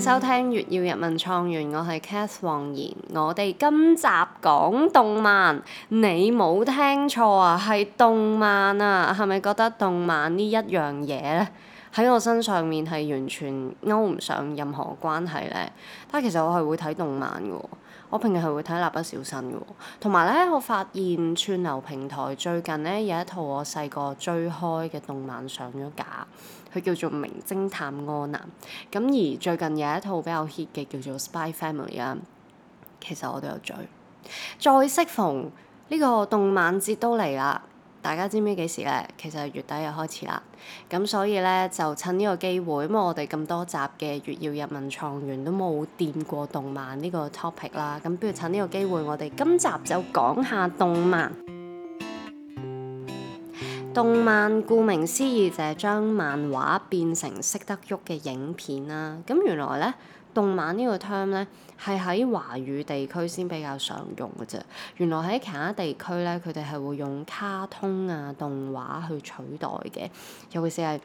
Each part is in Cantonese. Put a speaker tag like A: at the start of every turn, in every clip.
A: 收聽月耀日文創園，我係 Cath 黃妍，我哋今集講動漫，你冇聽錯啊，係動漫啊，係咪覺得動漫呢一樣嘢咧喺我身上面係完全勾唔上任何關係咧？但係其實我係會睇動漫嘅喎。我平日係會睇《蠟筆小新》噶喎，同埋咧，我發現串流平台最近咧有一套我細個追開嘅動漫上咗架，佢叫做《名偵探柯南》。咁而最近有一套比較 hit 嘅叫做《Spy Family》啊，其實我都有追。再適逢呢個動漫節都嚟啦。大家知唔知幾時咧？其實月底又開始啦，咁所以咧就趁呢個機會，因為我哋咁多集嘅月曜日文創園都冇掂過動漫呢個 topic 啦，咁不如趁呢個機會，我哋今集就講下動漫。動漫顧名思義就係將漫畫變成識得喐嘅影片啦。咁原來咧。動漫呢個 term 咧，係喺華語地區先比較常用嘅啫。原來喺其他地區咧，佢哋係會用卡通啊、動畫去取代嘅，尤其是係，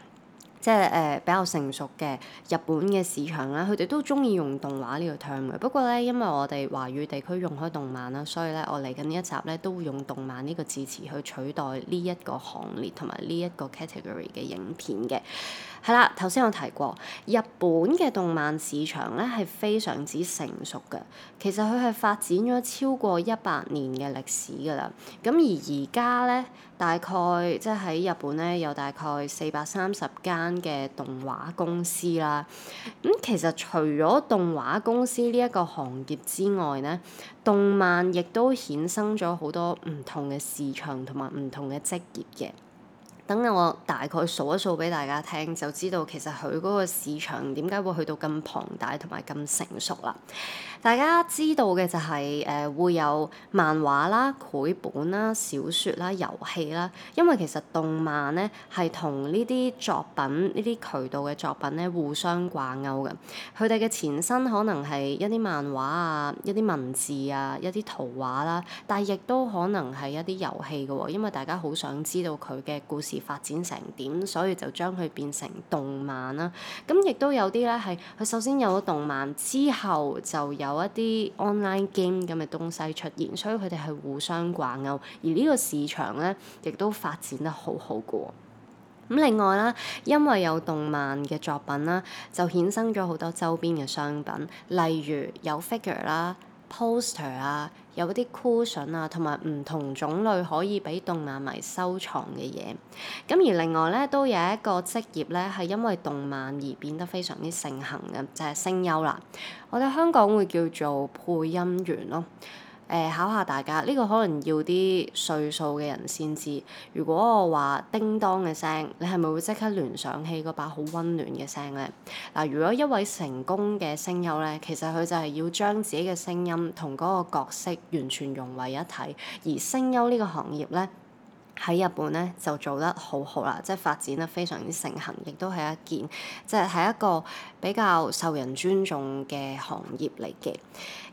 A: 即係誒、呃、比較成熟嘅日本嘅市場啦，佢哋都中意用動畫呢個 term 嘅。不過咧，因為我哋華語地區用開動漫啦，所以咧我嚟緊呢一集咧都會用動漫呢個字詞去取代呢一個行列同埋呢一個 category 嘅影片嘅。係啦，頭先我提過日本嘅動漫市場咧係非常之成熟㗎，其實佢係發展咗超過一百年嘅歷史㗎啦。咁而而家咧大概即係喺日本咧有大概四百三十間嘅動畫公司啦，咁其實除咗動畫公司呢一個行業之外咧，動漫亦都衍生咗好多唔同嘅市場同埋唔同嘅職業嘅。等我大概數一數俾大家聽，就知道其實佢嗰個市場點解會去到咁龐大同埋咁成熟啦。大家知道嘅就係、是、誒、呃、會有漫畫啦、繪本啦、小說啦、遊戲啦。因為其實動漫咧係同呢啲作品、呢啲渠道嘅作品咧互相掛鈎嘅。佢哋嘅前身可能係一啲漫畫啊、一啲文字啊、一啲圖畫啦，但係亦都可能係一啲遊戲嘅喎，因為大家好想知道佢嘅故事。發展成點，所以就將佢變成動漫啦。咁亦都有啲咧係佢首先有咗動漫之後，就有一啲 online game 咁嘅東西出現，所以佢哋係互相掛鈎。而呢個市場咧，亦都發展得好好噶喎。咁另外啦，因為有動漫嘅作品啦，就衍生咗好多周邊嘅商品，例如有 figure 啦。poster 啊，有啲 cushion 啊，同埋唔同種類可以俾動漫迷收藏嘅嘢。咁而另外咧，都有一個職業咧，係因為動漫而變得非常之盛行嘅，就係聲優啦。我哋香港會叫做配音員咯。誒考下大家，呢個可能要啲歲數嘅人先知。如果我話叮當嘅聲，你係咪會即刻聯想起嗰把好温暖嘅聲咧？嗱，如果一位成功嘅聲優咧，其實佢就係要將自己嘅聲音同嗰個角色完全融為一體。而聲優呢個行業咧，喺日本咧就做得好好啦，即係發展得非常之盛行，亦都係一件即係係一個比較受人尊重嘅行業嚟嘅。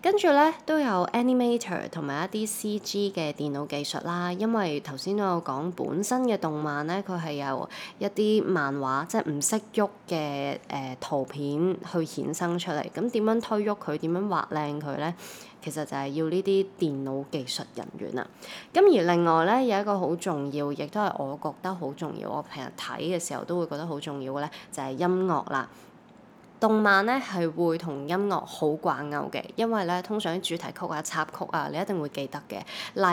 A: 跟住咧都有 Animator 同埋一啲 CG 嘅電腦技術啦，因為頭先都有講本身嘅動漫咧，佢係由一啲漫畫即係唔識喐嘅誒圖片去衍生出嚟。咁點樣推喐佢？點樣畫靚佢咧？其實就係要呢啲電腦技術人員啦。咁而另外咧有一個好重要，亦都係我覺得好重要，我平日睇嘅時候都會覺得好重要嘅咧，就係音樂啦。動漫咧係會同音樂好掛鈎嘅，因為咧通常啲主題曲啊、插曲啊，你一定會記得嘅。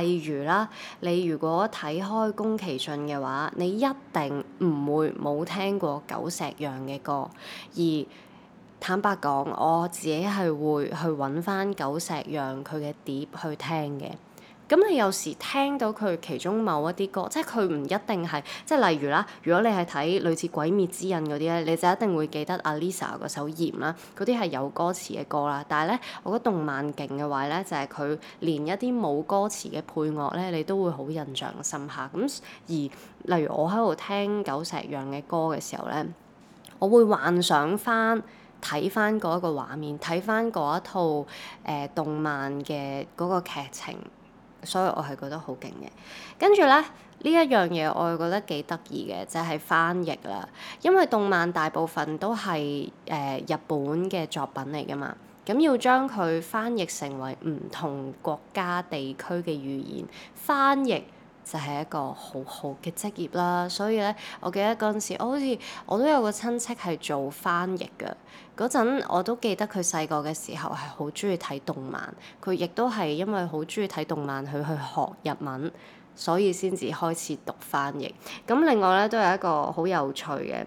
A: 例如啦，你如果睇開宮崎駿嘅話，你一定唔會冇聽過久石讓嘅歌。而坦白講，我自己係會去揾翻久石讓佢嘅碟去聽嘅。咁你有時聽到佢其中某一啲歌，即係佢唔一定係，即係例如啦，如果你係睇類似《鬼滅之刃》嗰啲咧，你就一定會記得阿 LiSA 嗰首《炎》啦，嗰啲係有歌詞嘅歌啦。但係咧，我覺得動漫勁嘅話咧，就係、是、佢連一啲冇歌詞嘅配樂咧，你都會好印象深刻。咁而例如我喺度聽久石讓嘅歌嘅時候咧，我會幻想翻。睇翻嗰個畫面，睇翻嗰一套誒、呃、動漫嘅嗰個劇情，所以我係覺得好勁嘅。跟住咧，呢一樣嘢我又覺得幾得意嘅，就係、是、翻譯啦。因為動漫大部分都係誒、呃、日本嘅作品嚟噶嘛，咁要將佢翻譯成為唔同國家地區嘅語言，翻譯就係一個好好嘅職業啦，所以咧，我記得嗰陣時，我好似我都有個親戚係做翻譯嘅嗰陣，我都記得佢細個嘅時候係好中意睇動漫，佢亦都係因為好中意睇動漫，佢去學日文，所以先至開始讀翻譯。咁另外咧，都有一個好有趣嘅，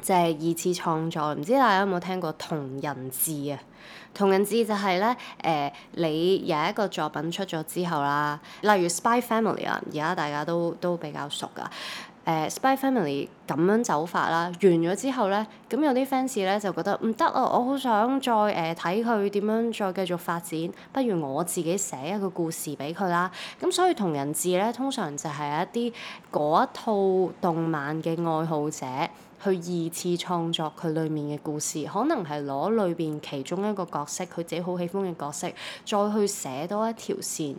A: 就係二次創作，唔知大家有冇聽過同人誌啊？同人誌就係、是、咧，誒、呃、你有一個作品出咗之後啦，例如《Spy Family》啊，而家大家都都比較熟㗎。誒、呃《Spy Family》咁樣走法啦，完咗之後咧，咁有啲 fans 咧就覺得唔得啊，我好想再誒睇佢點樣再繼續發展，不如我自己寫一個故事俾佢啦。咁所以同人誌咧，通常就係一啲嗰一套動漫嘅愛好者。去二次創作佢裏面嘅故事，可能係攞裏邊其中一個角色，佢自己好喜歡嘅角色，再去寫多一條線。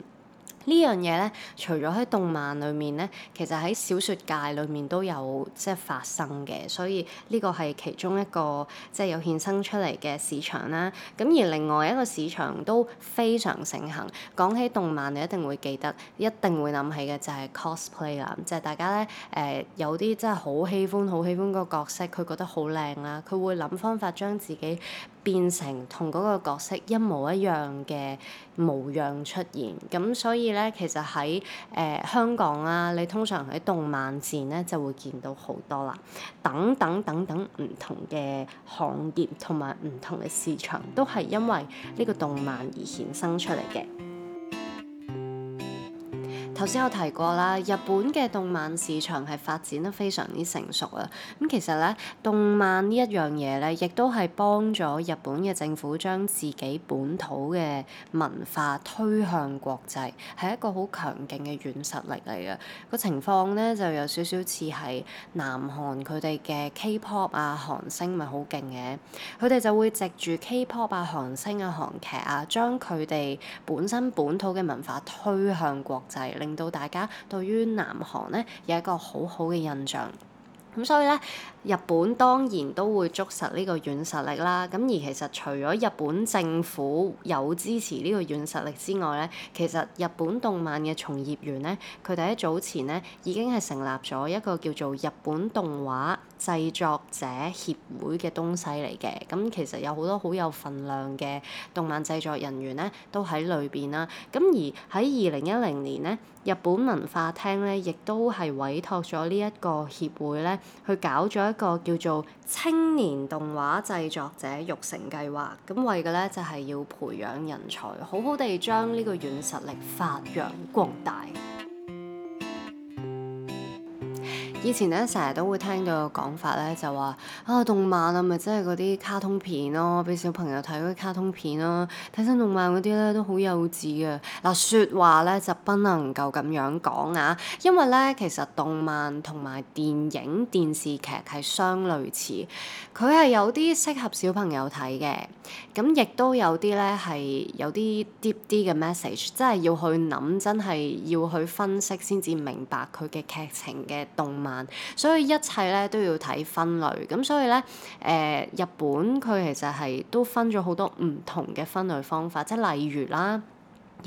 A: 呢樣嘢咧，除咗喺動漫裏面咧，其實喺小說界裏面都有即係發生嘅，所以呢個係其中一個即係有衍生出嚟嘅市場啦。咁而另外一個市場都非常盛行。講起動漫，你一定會記得，一定會諗起嘅就係 cosplay 啦，即係大家咧誒、呃、有啲真係好喜歡好喜歡個角色，佢覺得好靚啦，佢會諗方法將自己，變成同嗰個角色一模一樣嘅模樣出現，咁所以咧，其實喺誒、呃、香港啊，你通常喺動漫展咧就會見到好多啦，等等等等唔同嘅行業同埋唔同嘅市場都係因為呢個動漫而衍生出嚟嘅。頭先我提過啦，日本嘅動漫市場係發展得非常之成熟啊！咁其實咧，動漫呢一樣嘢咧，亦都係幫咗日本嘅政府將自己本土嘅文化推向國際，係一個好強勁嘅軟實力嚟嘅。個情況咧就有少少似係南韓佢哋嘅 K-pop 啊，韓星咪好勁嘅，佢哋就會藉住 K-pop 啊、韓星啊、韓劇啊，將佢哋本身本土嘅文化推向國際。令到大家對於南韓咧有一個好好嘅印象，咁所以咧日本當然都會捉實呢個軟實力啦。咁而其實除咗日本政府有支持呢個軟實力之外咧，其實日本動漫嘅從業員咧，佢哋喺早前咧已經係成立咗一個叫做日本動畫製作者協會嘅東西嚟嘅，咁其實有好多好有份量嘅動漫製作人員咧，都喺裏邊啦。咁而喺二零一零年呢，日本文化廳咧，亦都係委託咗呢一個協會咧，去搞咗一個叫做青年動畫製作者育成計劃。咁為嘅咧就係、是、要培養人才，好好地將呢個軟實力發揚光大。以前咧成日都會聽到個講法咧，就話啊動漫啊咪即係嗰啲卡通片咯，啊，俾小朋友睇嗰啲卡通片咯，啊，睇親動漫嗰啲咧都好幼稚嘅。嗱、啊、說話咧就不能夠咁樣講啊，因為咧其實動漫同埋電影、電視劇係相類似，佢係有啲適合小朋友睇嘅，咁亦都有啲咧係有啲 deep 啲嘅 message，即係要去諗，真係要去分析先至明白佢嘅劇情嘅動漫。所以一切咧都要睇分類。咁所以咧，誒、呃，日本佢其實係都分咗好多唔同嘅分類方法，即係例如啦。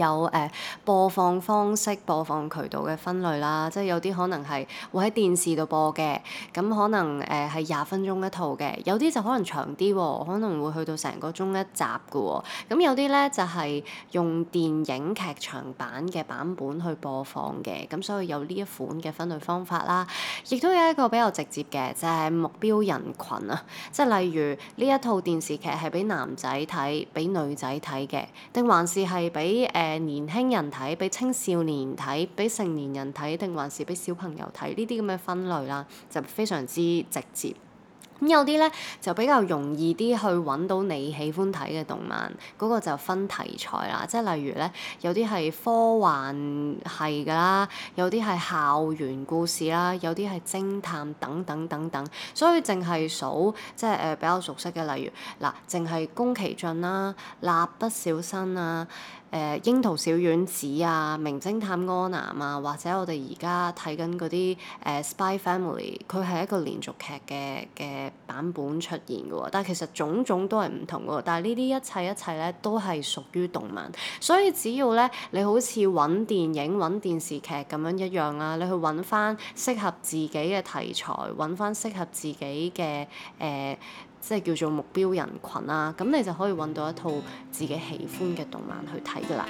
A: 有誒、呃、播放方式、播放渠道嘅分類啦，即係有啲可能係會喺電視度播嘅，咁可能誒係廿分鐘一套嘅，有啲就可能長啲喎，可能會去到成個鐘一集嘅喎、哦，咁有啲咧就係、是、用電影劇場版嘅版本去播放嘅，咁所以有呢一款嘅分類方法啦，亦都有一個比較直接嘅就係、是、目標人群啊，即係例如呢一套電視劇係俾男仔睇、俾女仔睇嘅，定還是係俾誒？呃年輕人睇，俾青少年睇，俾成年人睇，定還是俾小朋友睇？呢啲咁嘅分類啦，就非常之直接。咁有啲咧就比較容易啲去揾到你喜歡睇嘅動漫，嗰個就分題材啦。即係例如咧，有啲係科幻系㗎啦，有啲係校園故事啦，有啲係偵探等等等等。所以淨係數即係誒比較熟悉嘅，例如嗱，淨係宮崎駿啦、蠟筆小新啊。誒櫻桃小丸子啊，名偵探柯南啊，或者我哋而家睇緊嗰啲誒 Spy Family，佢係一個連續劇嘅嘅版本出現嘅喎，但係其實種種都係唔同嘅喎，但係呢啲一切一切咧都係屬於動漫，所以只要咧你好似揾電影、揾電視劇咁樣一樣啦，你去揾翻適合自己嘅題材，揾翻適合自己嘅誒。呃即係叫做目標人群啦，咁你就可以揾到一套自己喜歡嘅動漫去睇噶啦。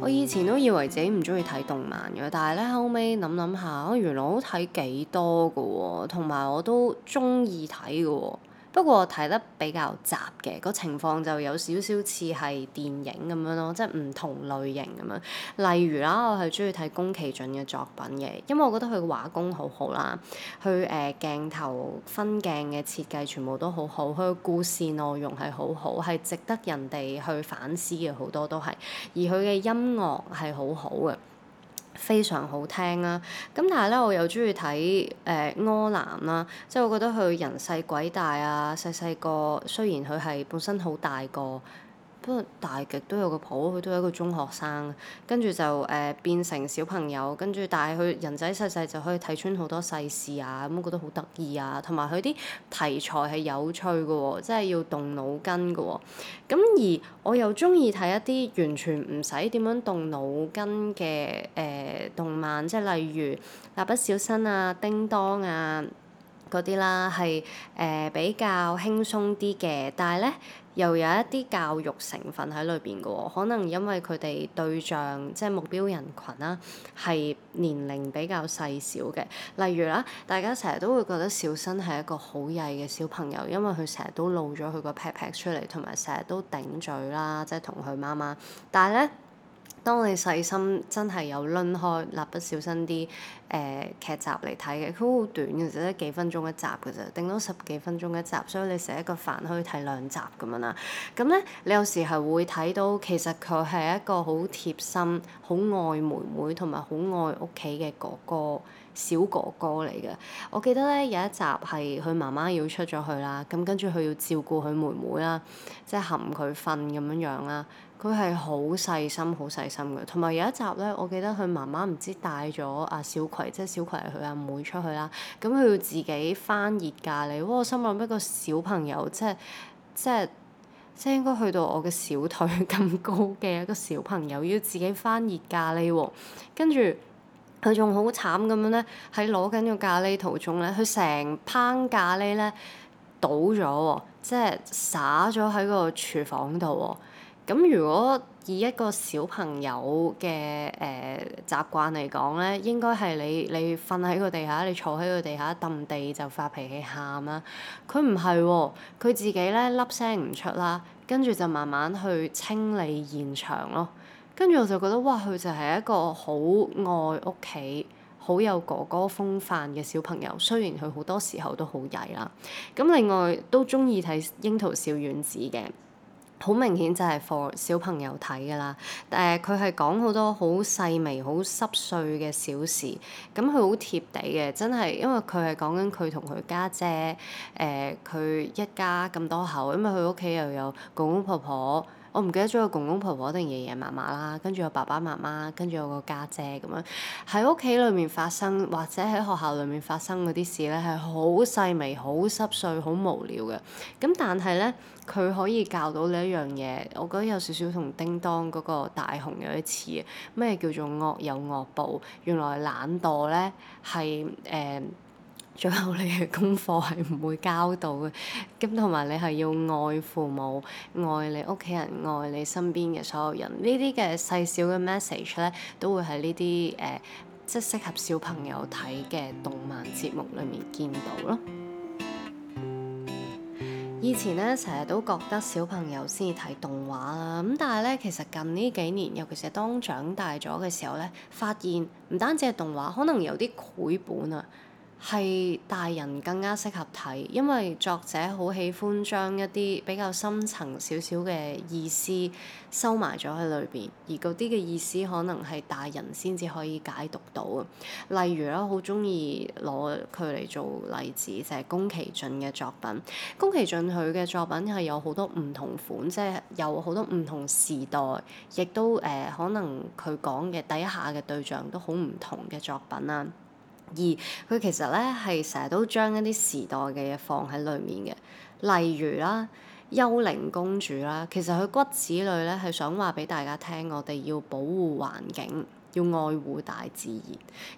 A: 我以前都以為自己唔中意睇動漫嘅，但係咧後尾諗諗下，原來我睇幾多㗎喎，同埋我都中意睇㗎喎。不過我睇得比較雜嘅個情況就有少少似係電影咁樣咯，即係唔同類型咁樣。例如啦，我係中意睇宮崎駿嘅作品嘅，因為我覺得佢嘅畫工好好啦，佢誒、呃、鏡頭分鏡嘅設計全部都好好，佢個故事內容係好好，係值得人哋去反思嘅好多都係，而佢嘅音樂係好好嘅。非常好聽啦，咁但係咧，我又中意睇誒柯南啦，即係我覺得佢人細鬼大啊，細細個，雖然佢係本身好大個。不都大極都有個譜，佢都係一個中學生，跟住就誒、呃、變成小朋友，跟住但係佢人仔細細就可以睇穿好多世事啊，咁覺得好得意啊，同埋佢啲題材係有趣嘅、啊，即係要動腦筋嘅、啊。咁而我又中意睇一啲完全唔使點樣動腦筋嘅誒、呃、動漫，即係例如《蠟筆小新》啊，《叮當》啊。嗰啲啦，係誒、呃、比較輕鬆啲嘅，但係咧又有一啲教育成分喺裏邊㗎喎，可能因為佢哋對象即係、就是、目標人群啦、啊，係年齡比較細小嘅。例如啦，大家成日都會覺得小新係一個好曳嘅小朋友，因為佢成日都露咗佢個屁屁出嚟，同埋成日都頂嘴啦，即係同佢媽媽。但係咧。當你細心真係有擰開，蠟筆小新啲誒劇集嚟睇嘅，佢好短嘅，就係得幾分鐘一集嘅啫，頂多十幾分鐘一集，所以你食一個飯可以睇兩集咁樣啦。咁咧，你有時係會睇到其實佢係一個好貼心、好愛妹妹同埋好愛屋企嘅哥哥小哥哥嚟嘅。我記得咧有一集係佢媽媽要出咗去啦，咁跟住佢要照顧佢妹妹啦，即係冚佢瞓咁樣樣啦。佢係好細心，好細心嘅。同埋有，有一集咧，我記得佢媽媽唔知帶咗阿小葵，即係小葵係佢阿妹出去啦。咁佢要自己翻熱咖喱，哇，我心諗一個小朋友即係即係即係應該去到我嘅小腿咁高嘅一個小朋友，要自己翻熱咖喱喎。跟住佢仲好慘咁樣咧，喺攞緊個咖喱途中咧，佢成烹咖喱咧倒咗喎，即係灑咗喺個廚房度喎。咁如果以一個小朋友嘅誒、呃、習慣嚟講咧，應該係你你瞓喺個地下，你坐喺個地下揼地就發脾氣喊啦。佢唔係喎，佢、哦、自己咧粒聲唔出啦，跟住就慢慢去清理現場咯。跟住我就覺得哇，佢就係一個好愛屋企、好有哥哥風範嘅小朋友。雖然佢好多時候都好曳啦。咁另外都中意睇《櫻桃小丸子》嘅。好明顯就係放小朋友睇㗎啦，但係佢係講好多好細微、好濕碎嘅小事，咁佢好貼地嘅，真係因為佢係講緊佢同佢家姐，誒、呃、佢一家咁多口，因為佢屋企又有公公婆婆。我唔記得咗個公公婆婆定爺爺嫲嫲啦，跟住有爸爸媽媽，跟住有個姐姐家姐，咁樣喺屋企裏面發生或者喺學校裏面發生嗰啲事咧，係好細微、好濕碎、好無聊嘅。咁但係咧，佢可以教到你一樣嘢，我覺得有少少同叮當嗰個大雄有啲似嘅。咩叫做惡有惡報？原來懶惰咧係誒。呃最後，你嘅功課係唔會交到嘅。咁同埋你係要愛父母、愛你屋企人、愛你身邊嘅所有人。呢啲嘅細小嘅 message 咧，都會喺呢啲誒，即係適合小朋友睇嘅動漫節目裡面見到咯。以前咧，成日都覺得小朋友先至睇動畫啦，咁但係咧，其實近呢幾年，尤其是當長大咗嘅時候咧，發現唔單止係動畫，可能有啲繪本啊。係大人更加適合睇，因為作者好喜歡將一啲比較深層少少嘅意思收埋咗喺裏邊，而嗰啲嘅意思可能係大人先至可以解讀到啊。例如啦，好中意攞佢嚟做例子，就係宮崎駿嘅作品。宮崎駿佢嘅作品係有好多唔同款，即係有好多唔同時代，亦都誒可能佢講嘅底下嘅對象都好唔同嘅作品啊。而佢其實咧係成日都將一啲時代嘅嘢放喺裡面嘅，例如啦《幽靈公主》啦，其實佢骨子裏咧係想話俾大家聽，我哋要保護環境，要愛護大自然。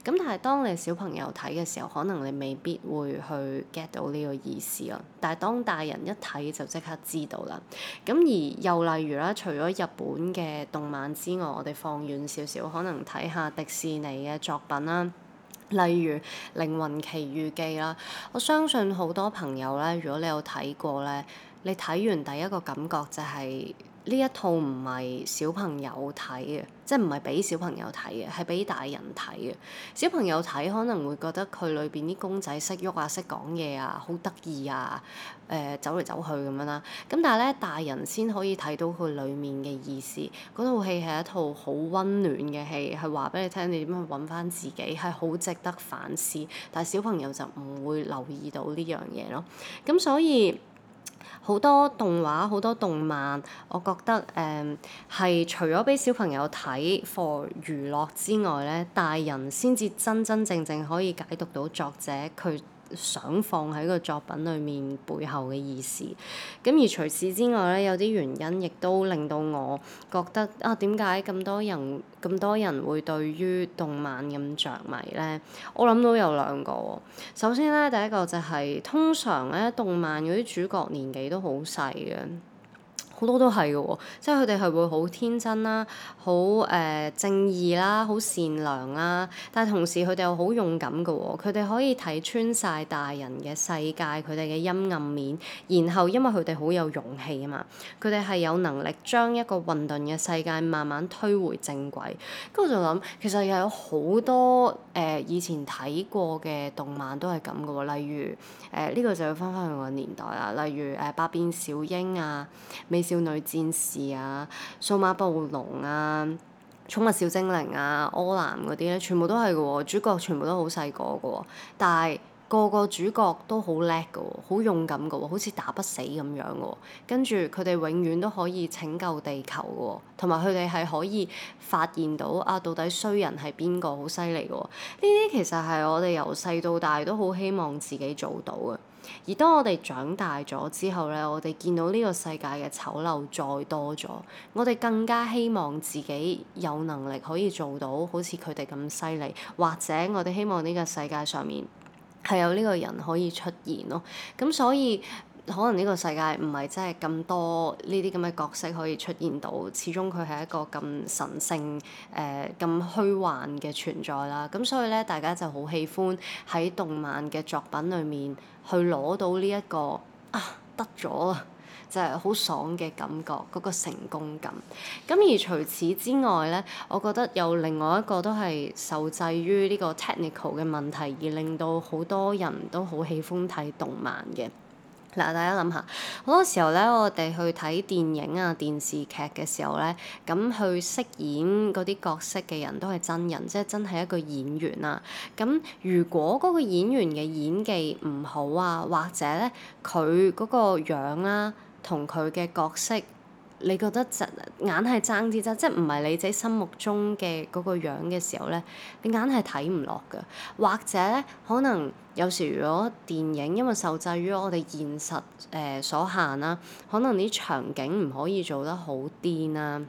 A: 咁但係當你小朋友睇嘅時候，可能你未必會去 get 到呢個意思咯。但係當大人一睇就即刻知道啦。咁而又例如啦，除咗日本嘅動漫之外，我哋放遠少少，可能睇下迪士尼嘅作品啦。例如《靈魂奇遇記》啦，我相信好多朋友咧，如果你有睇過咧，你睇完第一個感覺就係、是。呢一套唔係小朋友睇嘅，即係唔係俾小朋友睇嘅，係俾大人睇嘅。小朋友睇可能會覺得佢裏邊啲公仔識喐啊，識講嘢啊，好得意啊，誒、呃、走嚟走去咁樣啦。咁但係咧，大人先可以睇到佢裏面嘅意思。嗰套戲係一套好溫暖嘅戲，係話俾你聽你點樣去揾翻自己，係好值得反思。但係小朋友就唔會留意到呢樣嘢咯。咁所以。好多動畫、好多動漫，我覺得誒係、嗯、除咗俾小朋友睇 for 娛樂之外咧，大人先至真真正正可以解讀到作者佢想放喺個作品裏面背後嘅意思，咁而除此之外咧，有啲原因亦都令到我覺得啊，點解咁多人咁多人會對於動漫咁着迷咧？我諗到有兩個喎，首先咧，第一個就係通常咧動漫嗰啲主角年紀都好細嘅。好多都係嘅喎，即係佢哋係會好天真啦，好誒、呃、正義啦，好善良啦，但同時佢哋又好勇敢嘅喎，佢哋可以睇穿晒大人嘅世界佢哋嘅陰暗面，然後因為佢哋好有勇氣啊嘛，佢哋係有能力將一個混沌嘅世界慢慢推回正軌，跟住我就諗其實又有好多誒、呃、以前睇過嘅動漫都係咁嘅喎，例如誒呢、呃這個就要翻翻去我年代啦，例如誒、呃、百變小櫻啊、美少女戰士啊，數碼暴龍啊，寵物小精靈啊，柯南嗰啲咧，全部都係嘅喎，主角全部都好細個嘅喎，但係個個主角都好叻嘅喎，好勇敢嘅喎，好似打不死咁樣嘅喎，跟住佢哋永遠都可以拯救地球嘅喎，同埋佢哋係可以發現到啊到底衰人係邊個，好犀利嘅喎，呢啲其實係我哋由細到大都好希望自己做到嘅。而當我哋長大咗之後咧，我哋見到呢個世界嘅醜陋再多咗，我哋更加希望自己有能力可以做到好似佢哋咁犀利，或者我哋希望呢個世界上面係有呢個人可以出現咯。咁所以。可能呢個世界唔係真係咁多呢啲咁嘅角色可以出現到，始終佢係一個咁神聖誒咁虛幻嘅存在啦。咁所以咧，大家就好喜歡喺動漫嘅作品裏面去攞到呢、這、一個啊得咗，就係、是、好爽嘅感覺，嗰、那個成功感。咁而除此之外咧，我覺得有另外一個都係受制於呢個 technical 嘅問題，而令到好多人都好喜歡睇動漫嘅。嗱，大家諗下，好多時候咧，我哋去睇電影啊、電視劇嘅時候咧，咁去飾演嗰啲角色嘅人都係真人，即係真係一個演員啊。咁如果嗰個演員嘅演技唔好啊，或者咧，佢嗰個樣啦、啊，同佢嘅角色。你覺得爭梗係爭啲爭，即唔係你自己心目中嘅嗰個樣嘅時候咧，你梗係睇唔落㗎。或者呢可能有時如果電影因為受制於我哋現實誒、呃、所限啦，可能啲場景唔可以做得好癲啦。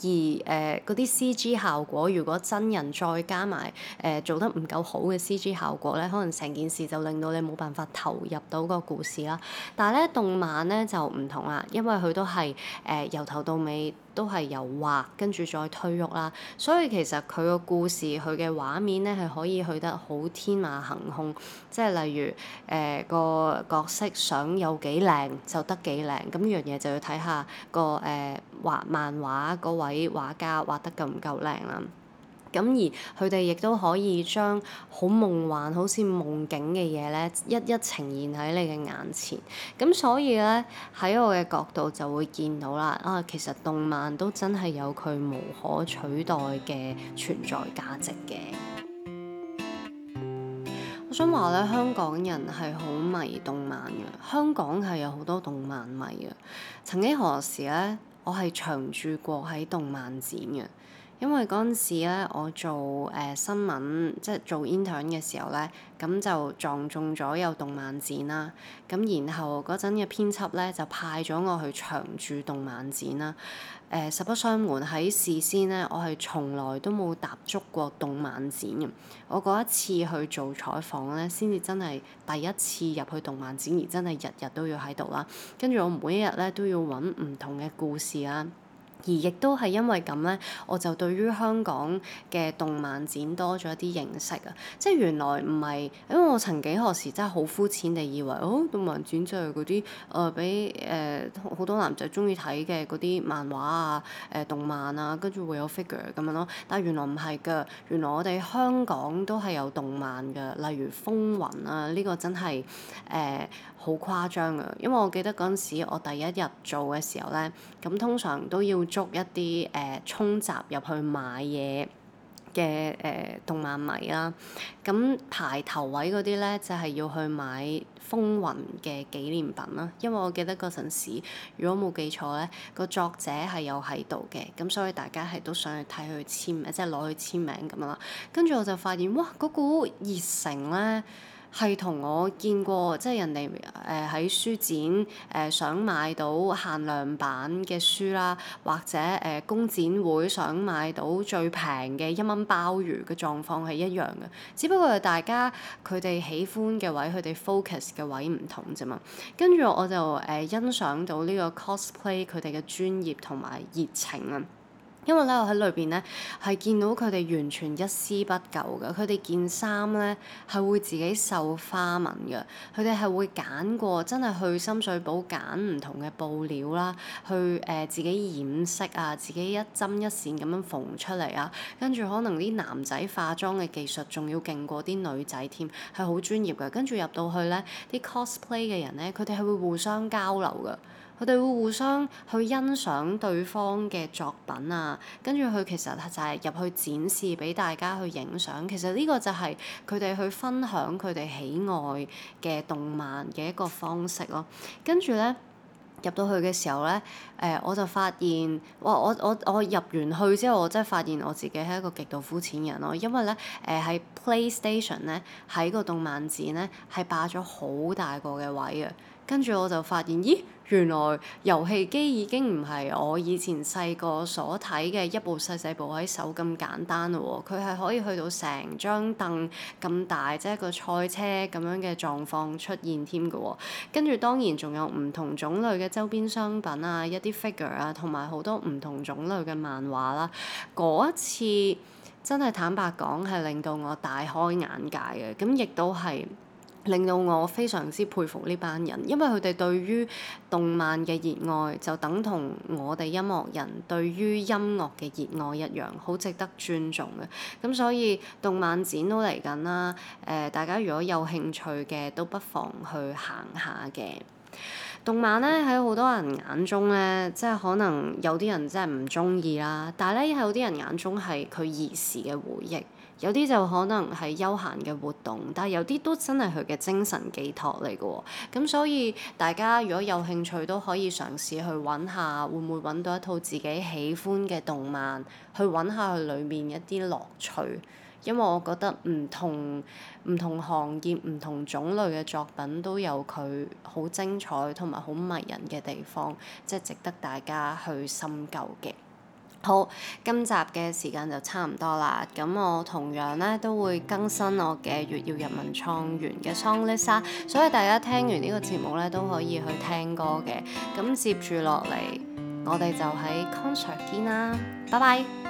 A: 而誒嗰啲 C G 效果，如果真人再加埋誒、呃、做得唔夠好嘅 C G 效果咧，可能成件事就令到你冇辦法投入到個故事啦。但係咧動漫咧就唔同啦，因為佢都係誒、呃、由頭到尾。都係由畫跟住再推喐啦，所以其實佢個故事佢嘅畫面咧係可以去得好天馬行空，即係例如誒、呃、個角色想有幾靚就得幾靚，咁樣嘢就要睇下個誒、呃、畫漫畫嗰位畫家畫得夠唔夠靚啦。咁而佢哋亦都可以將好夢幻、好似夢境嘅嘢咧，一一呈現喺你嘅眼前。咁所以咧，喺我嘅角度就會見到啦。啊，其實動漫都真係有佢無可取代嘅存在價值嘅。 我想話咧，香港人係好迷動漫嘅，香港係有好多動漫迷嘅。曾經何時咧，我係長住過喺動漫展嘅。因為嗰陣時咧，我做誒、呃、新聞，即係做 intern 嘅時候咧，咁就撞中咗有動漫展啦。咁、啊、然後嗰陣嘅編輯咧，就派咗我去長駐動漫展啦。誒、啊，實不相瞞喺事先咧，我係從來都冇踏足過動漫展嘅。我嗰一次去做採訪咧，先至真係第一次入去動漫展，而真係日日都要喺度啦。跟住我每一日咧都要揾唔同嘅故事啦。而亦都係因為咁咧，我就對於香港嘅動漫展多咗一啲認識啊！即係原來唔係，因為我曾幾何時真係好膚淺地以為，哦，動漫展就係嗰啲誒俾誒好多男仔中意睇嘅嗰啲漫畫啊、誒、呃、動漫啊，跟住會有 figure 咁樣咯。但係原來唔係㗎，原來我哋香港都係有動漫㗎，例如《風雲》啊，呢、呢個真係誒。呃好誇張啊！因為我記得嗰陣時，我第一日做嘅時候咧，咁通常都要捉一啲誒、呃、衝閘入去買嘢嘅誒動漫迷啦。咁排頭位嗰啲咧，就係、是、要去買《風雲》嘅紀念品啦。因為我記得嗰陣時，如果冇記錯咧，個作者係有喺度嘅，咁所以大家係都想去睇佢簽名，即係攞佢簽名咁樣啦。跟住我就發現，哇！嗰股熱誠咧～係同我見過，即係人哋誒喺書展誒、呃、想買到限量版嘅書啦，或者誒、呃、工展會想買到最平嘅一蚊鮑魚嘅狀況係一樣嘅，只不過大家佢哋喜歡嘅位，佢哋 focus 嘅位唔同咋嘛。跟住我就誒、呃、欣賞到呢個 cosplay 佢哋嘅專業同埋熱情啊！因為咧，我喺裏邊咧係見到佢哋完全一絲不苟㗎，佢哋件衫咧係會自己繡花紋㗎，佢哋係會揀過真係去深水埗揀唔同嘅布料啦，去誒、呃、自己染色啊，自己一針一線咁樣縫出嚟啊，跟住可能啲男仔化妝嘅技術仲要勁過啲女仔添，係好專業㗎。跟住入到去咧，啲 cosplay 嘅人咧，佢哋係會互相交流㗎。佢哋會互相去欣賞對方嘅作品啊，跟住佢其實就係入去展示俾大家去影相。其實呢個就係佢哋去分享佢哋喜愛嘅動漫嘅一個方式咯、啊。跟住咧入到去嘅時候咧，誒、呃、我就發現，哇！我我我入完去之後，我真係發現我自己係一個極度膚淺人咯、啊。因為咧，誒、呃、喺 PlayStation 咧喺個動漫展咧係霸咗好大個嘅位啊！跟住我就發現，咦，原來遊戲機已經唔係我以前細個所睇嘅一部細細部喺手咁簡單喎、哦。佢係可以去到成張凳咁大，即係個賽車咁樣嘅狀況出現添㗎喎。跟住當然仲有唔同種類嘅周邊商品啊，一啲 figure 啊，同埋好多唔同種類嘅漫畫啦。嗰一次真係坦白講係令到我大開眼界嘅，咁亦都係，令到我非常之佩服呢班人，因為佢哋對於動漫嘅熱愛就等同我哋音樂人對於音樂嘅熱愛一樣好值得尊重嘅。咁所以動漫展都嚟緊啦，誒、呃、大家如果有興趣嘅，都不妨去行下嘅。動漫咧喺好多人眼中咧，即係可能有啲人真係唔中意啦，但係咧喺有啲人眼中係佢兒時嘅回憶。有啲就可能係休閒嘅活動，但係有啲都真係佢嘅精神寄託嚟㗎喎。咁所以大家如果有興趣，都可以嘗試去揾下，會唔會揾到一套自己喜歡嘅動漫，去揾下佢裏面一啲樂趣。因為我覺得唔同唔同行業、唔同種類嘅作品都有佢好精彩同埋好迷人嘅地方，即係值得大家去深究嘅。好，今集嘅時間就差唔多啦。咁我同樣咧都會更新我嘅粵語人民創園嘅 Songlist，所以大家聽完呢個節目咧都可以去聽歌嘅。咁接住落嚟，我哋就喺 Concert 見啦，拜拜。